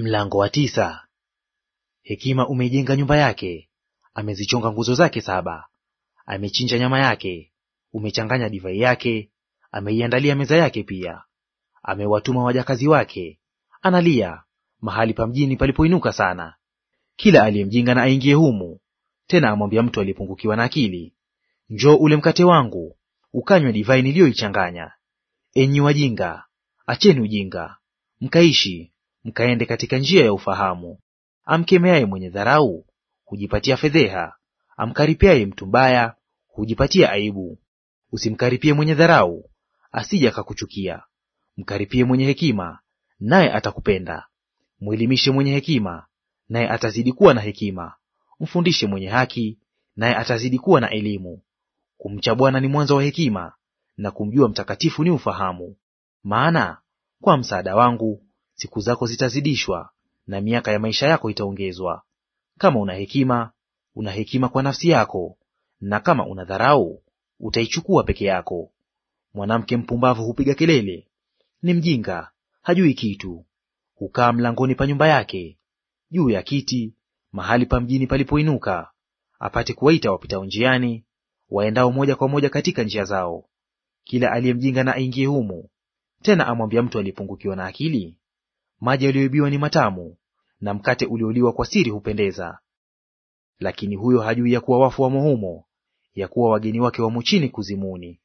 Mlango wa tisa. Hekima umeijenga nyumba yake, amezichonga nguzo zake saba. Amechinja nyama yake, umechanganya divai yake, ameiandalia meza yake pia. Amewatuma wajakazi wake, analia mahali pa mjini palipoinuka sana. Kila aliyemjinga na aingie humu. Tena amwambia mtu aliyepungukiwa na akili, njoo ule mkate wangu, ukanywe divai niliyoichanganya. Enyi wajinga, acheni ujinga, mkaishi mkaende katika njia ya ufahamu. Amkemeaye mwenye dharau hujipatia fedheha, amkaripiaye mtu mbaya hujipatia aibu. Usimkaripie mwenye dharau, asije akakuchukia. Mkaripie mwenye hekima, naye atakupenda. Mwelimishe mwenye hekima, naye atazidi kuwa na hekima. Mfundishe mwenye haki, naye atazidi kuwa na elimu. Kumcha Bwana ni mwanzo wa hekima, na kumjua mtakatifu ni ufahamu. Maana kwa msaada wangu siku zako zitazidishwa na miaka ya maisha yako itaongezwa. Kama una hekima, una hekima kwa nafsi yako, na kama una dharau, utaichukua peke yako. Mwanamke mpumbavu hupiga kelele, ni mjinga, hajui kitu. Hukaa mlangoni pa nyumba yake, juu ya kiti, mahali pa mjini palipoinuka, apate kuwaita wapitao njiani, waendao moja kwa moja katika njia zao. Kila aliye mjinga na aingie humu. Tena amwambia mtu aliyepungukiwa na akili, maji yaliyoibiwa ni matamu, na mkate ulioliwa kwa siri hupendeza. Lakini huyo hajui ya kuwa wafu wamo humo, ya kuwa wageni wake wamo chini kuzimuni.